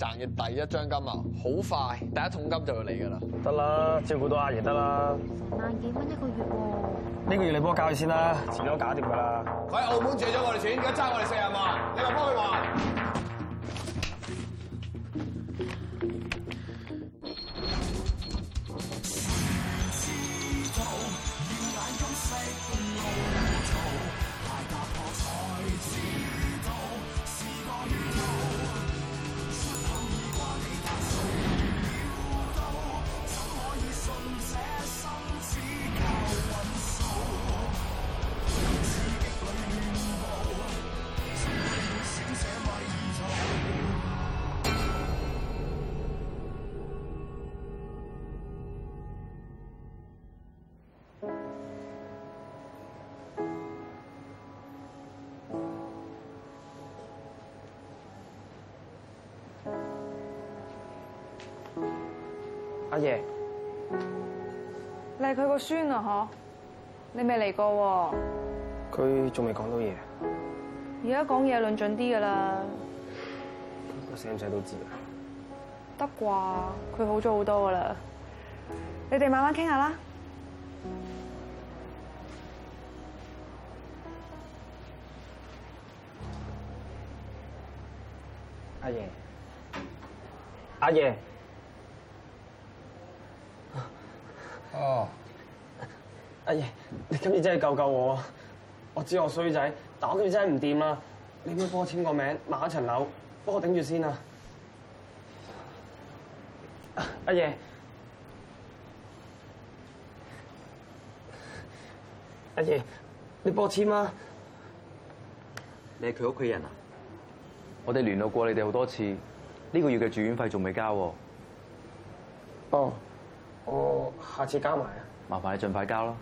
賺嘅第一張金額，好快，第一桶金就會嚟㗎啦。得啦，照顧到阿爺得啦。萬幾蚊一個月喎，呢 個月你幫我交佢先啦，遲咗 搞掂㗎啦。佢喺澳門借咗我哋錢，而家爭我哋四十萬，你話幫佢還？阿爺 Yeah.，你係佢個孫啊？嗬，你未嚟過？佢仲未講到嘢。而家講嘢論盡啲噶啦。個死人仔都知啊。得啩，佢好咗好多噶啦。你哋慢慢傾下啦。阿爺，阿爺。今次真係救救我！啊！我知我衰仔，但我今次真係唔掂啦。你唔該幫我簽個名，買一層樓，幫我頂住先啊！阿爺，阿、啊、爺，你幫我簽啊！你係佢屋企人啊？我哋聯絡過你哋好多次，呢、這個月嘅住院費仲未交喎。哦，我下次交埋啊！麻煩你盡快交咯。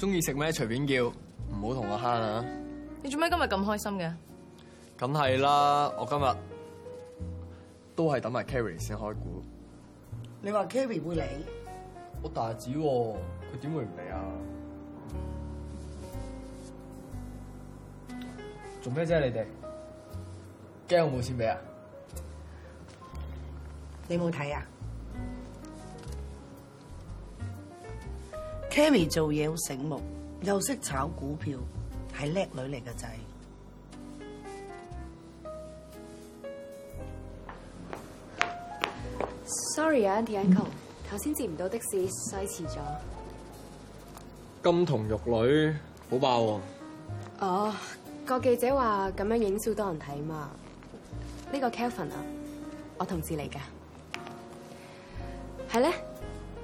中意食咩？隨便叫，唔好同我慳啊！你做咩今日咁開心嘅？梗係啦，我今日都係等埋 Carrie 先開股、啊啊。你話 Carrie 會嚟？我大子喎，佢點會唔嚟啊？做咩啫你哋？驚我冇錢俾啊？你冇睇啊？Kami 做嘢好醒目，又識炒股票，係叻女嚟嘅仔。Sorry 啊，Auntie Uncle，頭先 接唔到的士，塞遲咗。金童玉女，好爆喎、啊！哦，oh, 個記者話咁樣影照多人睇嘛。呢、這個 Kelvin 啊，我同事嚟噶，係咧。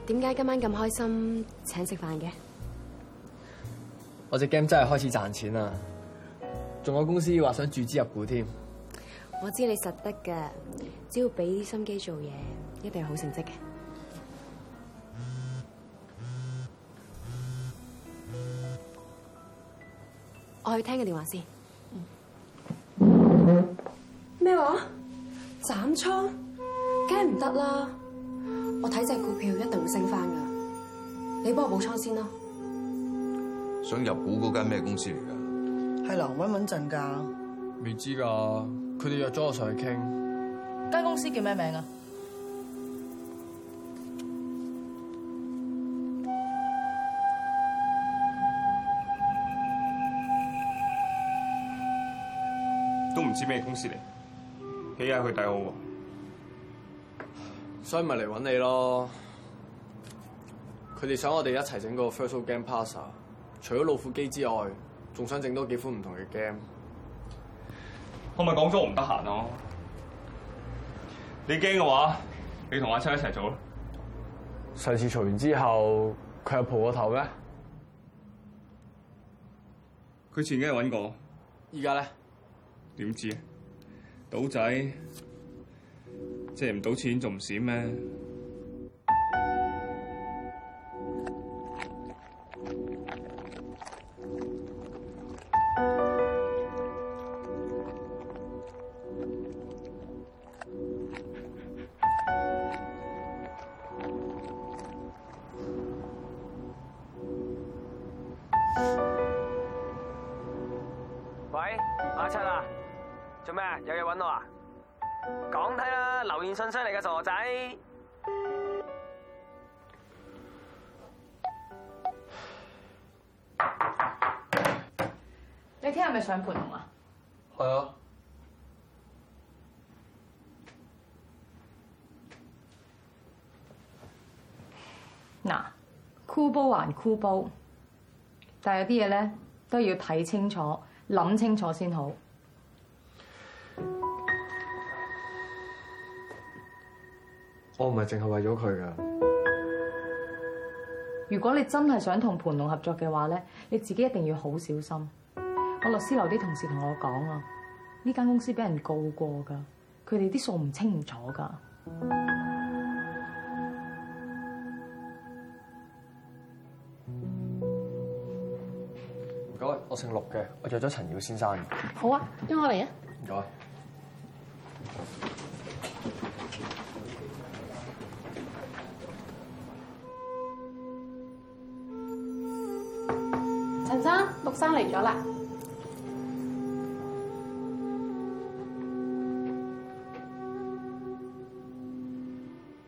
點解今晚咁開心請食飯嘅？我隻 game 真係開始賺錢啦，仲有公司話想注資入股添。我知你實得嘅，只要俾心機做嘢，一定係好成績嘅。 我去聽個電話先。咩話、嗯？斬倉？梗係唔得啦！我睇隻股票一定會升返噶你幫我補倉先咯。想入股嗰間咩公司嚟噶？係啦，穩穩陣噶。未知噶，佢哋約咗我上去傾。間公司叫咩名啊？都唔知咩公司嚟，起下佢大我。所以咪嚟揾你咯。佢哋想我哋一齊整個 first game passer 除咗老虎機之外，仲想整多幾款唔同嘅 game。我咪講咗唔得閒咯。你驚嘅話，你同阿七一齊做啦。上次嘈完之後，佢又蒲我頭咩？佢前幾日揾過，而家咧點知？賭仔。借唔到錢，仲唔閃咩？想盤龍啊？係啊的。嗱、呃，箍煲還箍煲，但係有啲嘢咧都要睇清楚、諗清楚先好。我唔係淨係為咗佢㗎。如果你真係想同盤龍合作嘅話咧，你自己一定要好小心。我律師樓啲同事同我講啊，呢間公司俾人告過噶，佢哋啲數唔清唔楚噶。唔該，我姓陸嘅，我約咗陳耀先生。好啊，跟我嚟啊。唔該託。陳生，陸生嚟咗啦。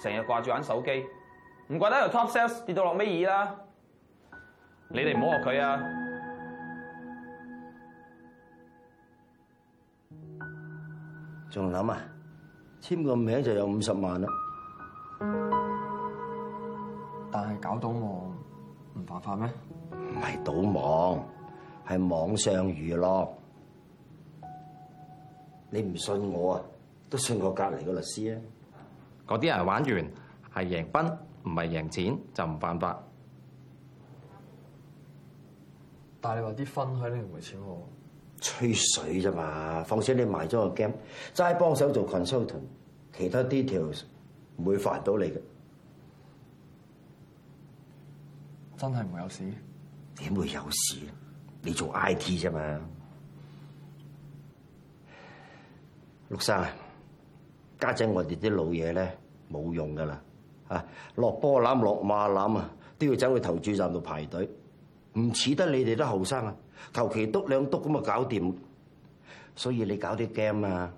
成日掛住玩手機，唔怪得由 top sales 跌到落尾二啦。你哋唔好學佢啊！仲諗啊？簽個名就有五十萬啦。但係搞賭網唔犯法咩？唔係賭網，係網上娛樂。你唔信我啊？都信我隔籬個律師啊？嗰啲人玩完係贏分，唔係贏錢就唔犯法。但你話啲分喺你度唔係錢喎，吹水啫嘛。況且你賣咗個 game，齋幫手做 consultant，其他 details 唔會煩到你嘅。真係唔會有事？點會有事？你做 IT 啫嘛，陸生。家陣，我哋啲老嘢咧，冇用噶啦，啊落波攬落馬攬啊，都要走去投注站度排隊，唔似得你哋啲後生啊，求其篤兩篤咁啊搞掂。所以你搞啲 game 啊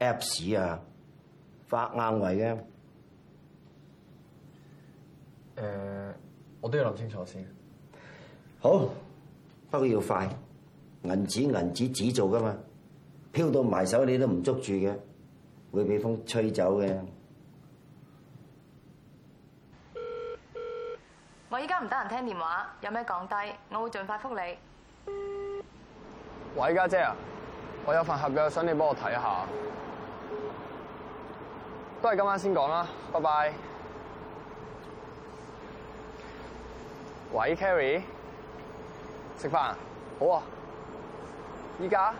，Apps 啊，發硬為嘅。誒、呃，我都要諗清楚先。好，不過要快，銀紙銀紙紙做噶嘛，飄到埋手你都唔捉住嘅。會俾風吹走嘅。我依家唔得閒聽電話，有咩講低，我會盡快覆你。喂，家姐，姐啊，我有份合約想你幫我睇下，都係今晚先講啦。拜拜。喂，Carrie，食飯，啊？好啊，依家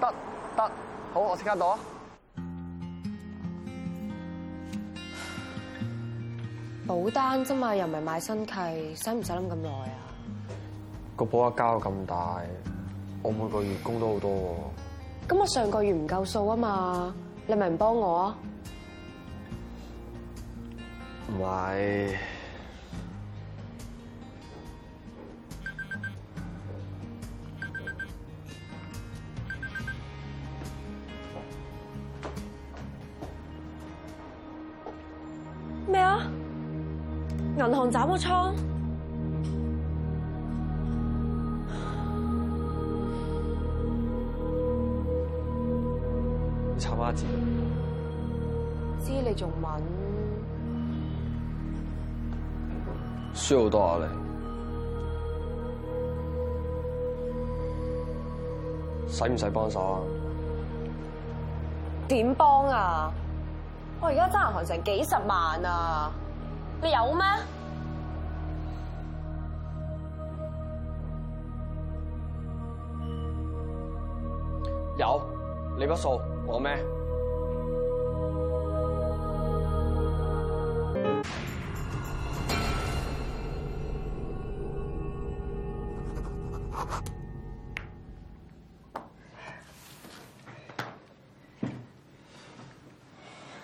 得得，好，我即刻到啊。保單啫嘛，又唔係買新契，使唔使諗咁耐啊？個保額交咁大，我每個月供都好多。咁我上個月唔夠數啊嘛，你咪唔幫我啊？唔係。銀行斬咗倉，查孖展，知你仲穩，輸好多啊，你，使唔使幫手啊？點幫啊？我而家爭銀行成幾十萬啊！你有咩？有，你唔熟我咩？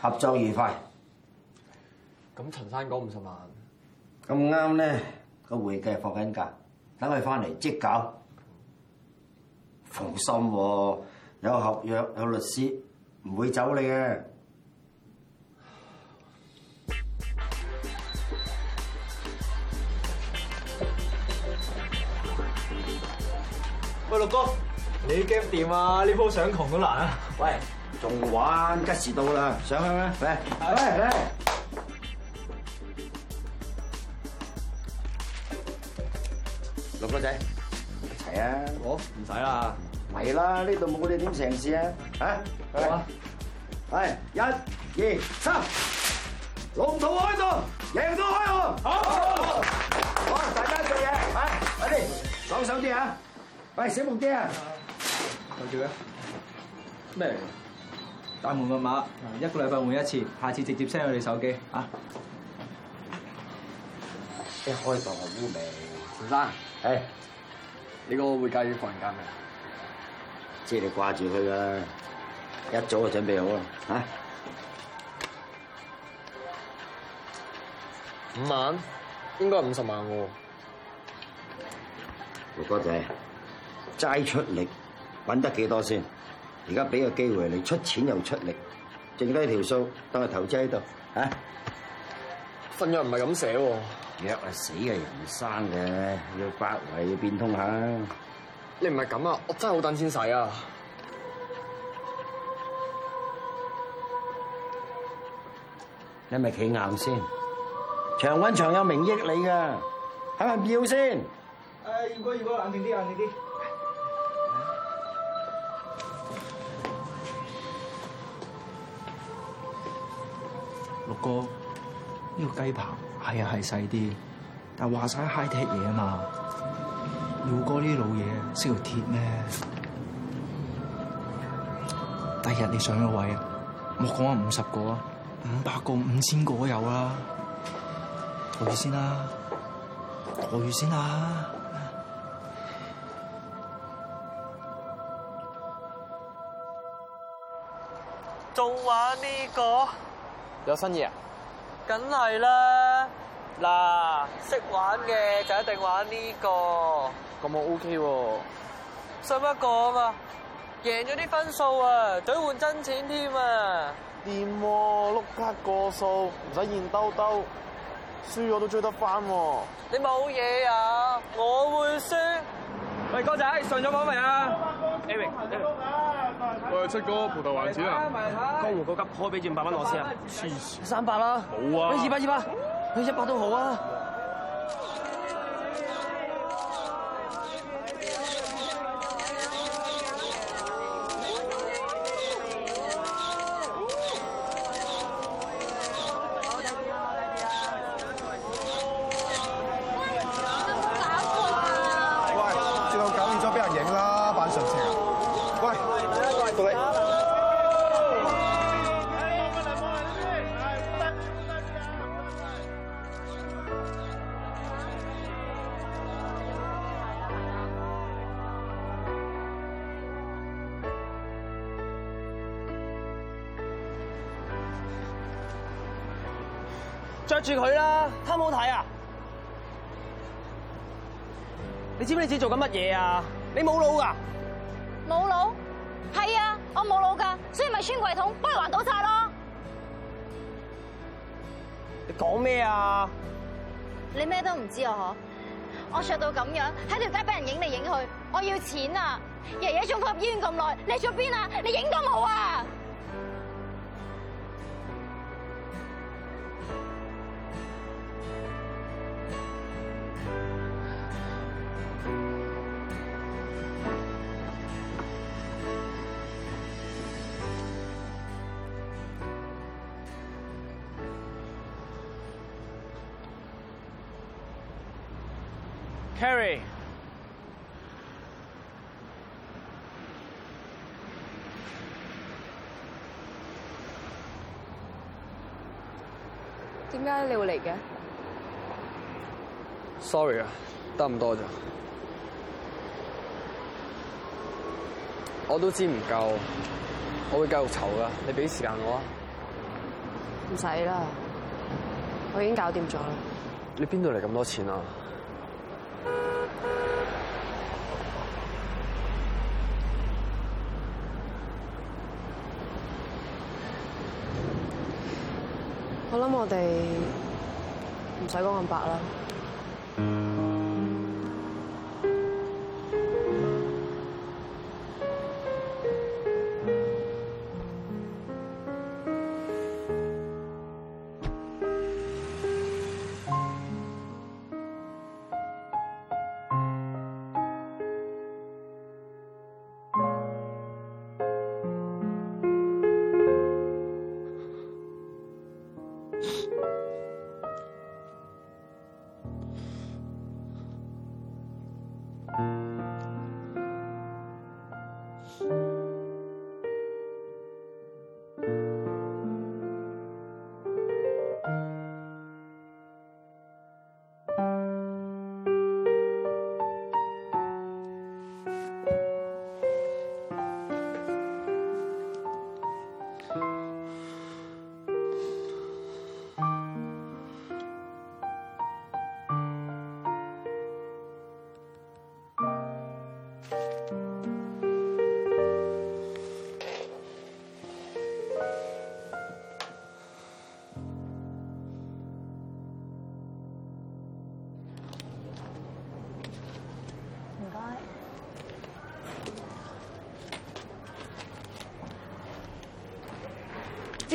合作愉快。咁陳生講五十萬，咁啱咧個會計放緊假，等佢翻嚟即搞，放心喎，有合約有律師，唔會走你嘅。喂，陸哥，你 game 掂啊？呢鋪想窮都難啊！的喂，仲玩吉時到啦，上去咩？嚟嚟嚟！六個仔一齊啊！哦，唔使啦，唔係啦，呢度冇我哋點上市啊？吓好啊！係一、二、三，龍頭開動，贏到開河！好，好，好，好大家做嘢，係快啲，爽手啲啊！喂，醒目啲啊！攰住咩嚟？大門密碼，一個禮拜換一次，下次直接 send 去你手機啊！一開房屋未？先生，係你個會計放人假未？即係你掛住佢啦，一早就準備好啦，吓五萬，應該係五十萬個。胡哥仔，齋出力搵得幾多先？而家俾個機會你出錢又出力，剩低條數當係投資喺度，吓？合約唔係咁寫。約係死嘅人生嘅，要百圍要變通下。你唔係咁啊，我真係好等先使啊！你咪企硬先，長滾長有名益你㗎，係咪秒先？誒、呃，如果如果冷靜啲啊，冷靜啲。冷六哥呢個雞棚？這個雞係啊，係細啲，但係話晒 high tech 嘢啊嘛，老哥啲老嘢識條鐵咩？第日你上咗位啊，莫講啊五十個，五百個、五千個都有啦。我預先啦，我預先啦，仲話呢個有新嘢。梗係啦，嗱，識玩嘅就一定玩呢個。咁我 OK 喎，信不過吖嘛，贏咗啲分數啊，兌換真錢添啊。掂喎，碌卡過數，唔使現兜兜，輸我都追得翻。你冇嘢啊，我會輸。喂，哥仔，上咗榜未啊？阿明。喂、哎，七哥，葡萄還錢啊！江湖哥急開，俾二百蚊我先啊！黐線，三百啦！好啊，俾二百二百，俾一百都好啊！住佢啦！貪好睇啊！你知唔知你自己做緊乜嘢啊？你冇腦噶？冇腦？係啊，我冇腦噶，所以咪穿櫃桶，幫倒你你不如還賭債咯！你講咩啊？你咩都唔知啊？嗬！我着到咁樣喺條街俾人影嚟影去，我要錢啊！爺爺中風喺醫院咁耐，你做邊啊？你影都冇啊！Kerry 點解你會嚟嘅？Sorry 啊，得咁多咋。我都知唔夠，我會繼續籌噶。你俾時間我啊。唔使啦，我已經搞掂咗啦。你邊度嚟咁多錢啊？我諗我哋唔使講咁白啦。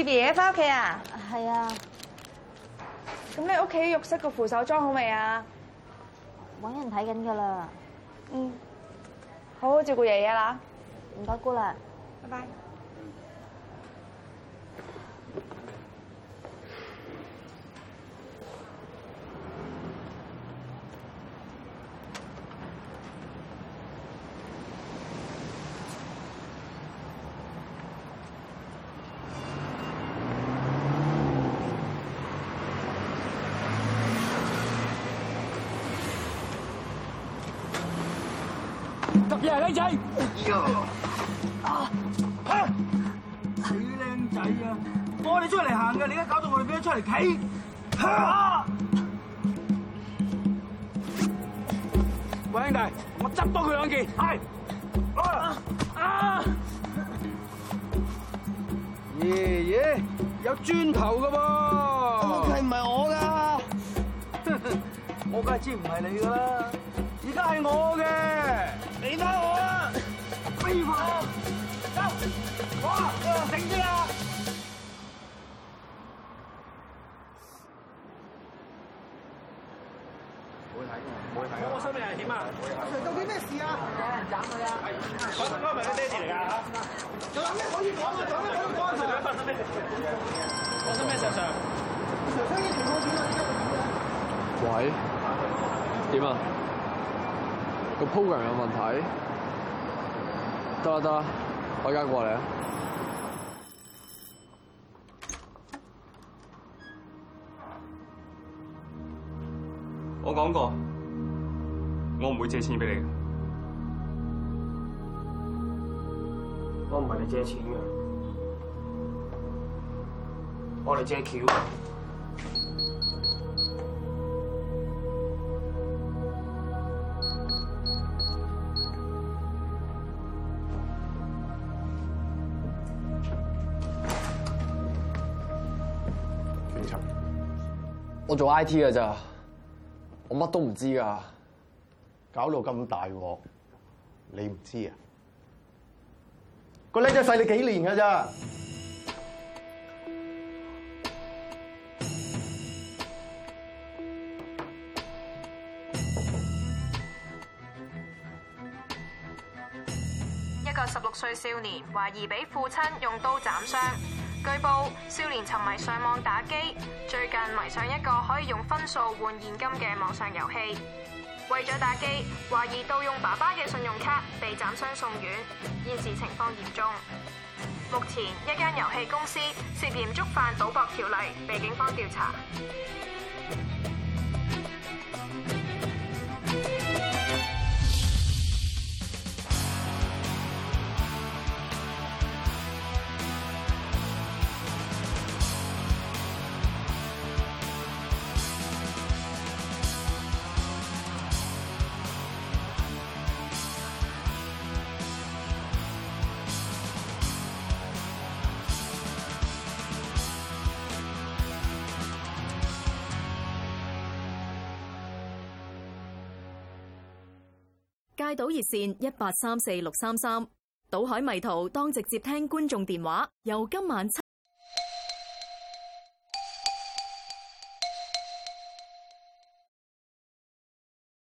爺爺翻屋企啊？係啊。咁你屋企浴室個扶手裝好未啊？搵人睇緊噶啦。嗯。好好照顧爺爺啦。唔該姑娘。拜拜。靚仔、哎，啊，死僆仔啊！我哋出嚟行嘅，你而家搞到我哋俾咗出嚟睇！哈！喂，兄弟，我執多佢兩件，係，啊，啊，爺爺，有磚頭噶噃，係唔係我噶？我梗係知唔係你噶啦，而家係我嘅。個 program 有問題，得啊得啊，我而家過嚟。我講過，我唔會借錢俾你嘅，我唔係嚟借錢嘅，我嚟借橋。我做 I T 嘅咋，我乜都唔知噶，搞到咁大鑊，你唔知啊？個叻仔細你幾年嘅咋？一個十六歲少年懷疑俾父親用刀斬傷。據報，少年沉迷上網打機，最近迷上一個可以用分數換現金嘅網上遊戲。為咗打機，懷疑盜用爸爸嘅信用卡，被斬傷送院，現時情況嚴重。目前，一間遊戲公司涉嫌觸犯賭博條例，被警方調查。戒賭熱線一八三四六三三，賭海迷途當直接聽觀眾電話。由今晚七。